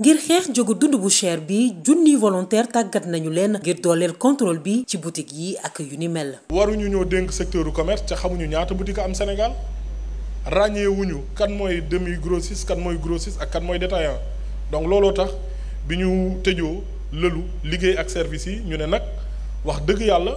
ngir xeex jógu dund bu cher bi junni volontaire tàggat nañu leen ngir dooleel contrôle bi ci boutique yi ak yu ni mel. ñu ñoo dénk secteur commerce te xamuñu ñaata boutique am senegal ràññeewuñu kan mooy demi grossiste kan mooy grossiste ak kan mooy détaillant donc looloo tax bi ñu tëjoo lëlu liggéey ak service yi ñu ne nag wax dëgg yàlla.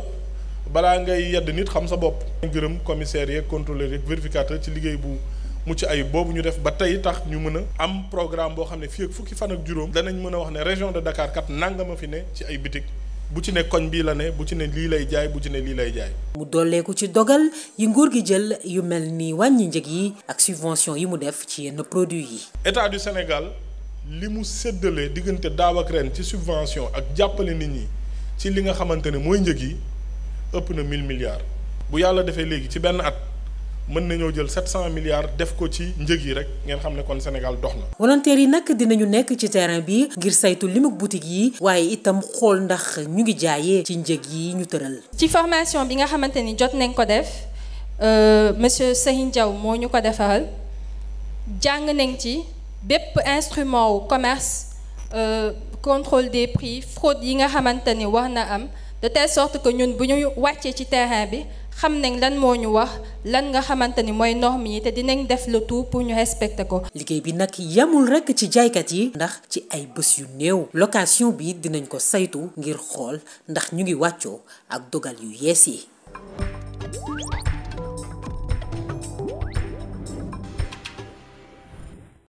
balaa ngay yedd nit xam sa bopp. gërëm commissaires yeeg contrôleurs yeeg vérificateur ci liggéey bu mucc ay boobu ñu def ba tey tax ñu mën a am programme boo xam ne fii ak fukki fan ak juróom danañ mën a wax ne région de Dakar kat nangama fi ne ci ay bitik bu ci ne koñ bii la ne bu ci ne lii lay jaay bu ci ne lii lay jaay. mu dolleeku ci dogal yi nguur gi jël yu mel ni wàññi njëg yi ak subvention yi mu def ci yenn produit yi. état du Sénégal li mu séddalee diggante daaw ak ren ci subvention ak jàppale nit ñi ci li nga xamante ne mooy njëg yi. ëpp na 1000 milliards bu yàlla defee léegi ci benn at mën nañoo jël 700 milliards def ko ci njëg yi rek ngeen xam ne kon Sénégal dox na. volontaires yi nag dinañu nekk ci terrain bi ngir saytu limuk boutique yi waaye itam xool ndax ñu ngi jaayee ci njëg yi ñu tëral. ci formation bi nga xamante ni jot nañ ko def euh, monsieur Serigne Diaw moo ñu ko defaral jàng nañ ci bépp instrument wu commerce euh, contrôle des prix fraude yi nga xamante ni war na am. de telle sorte que ñun bu ñu wàccee ci terrain bi xam nañ lan moo ñu wax lan nga xamante ni mooy norme yi te dinañ def le tout pour ñu respecter ko. liggéey bi nag yamul rekk ci jaaykat yi. ndax ci ay bés yu néew. location bi dinañ ko saytu ngir xool ndax ñu ngi wàccoo ak dogal yu yees yi.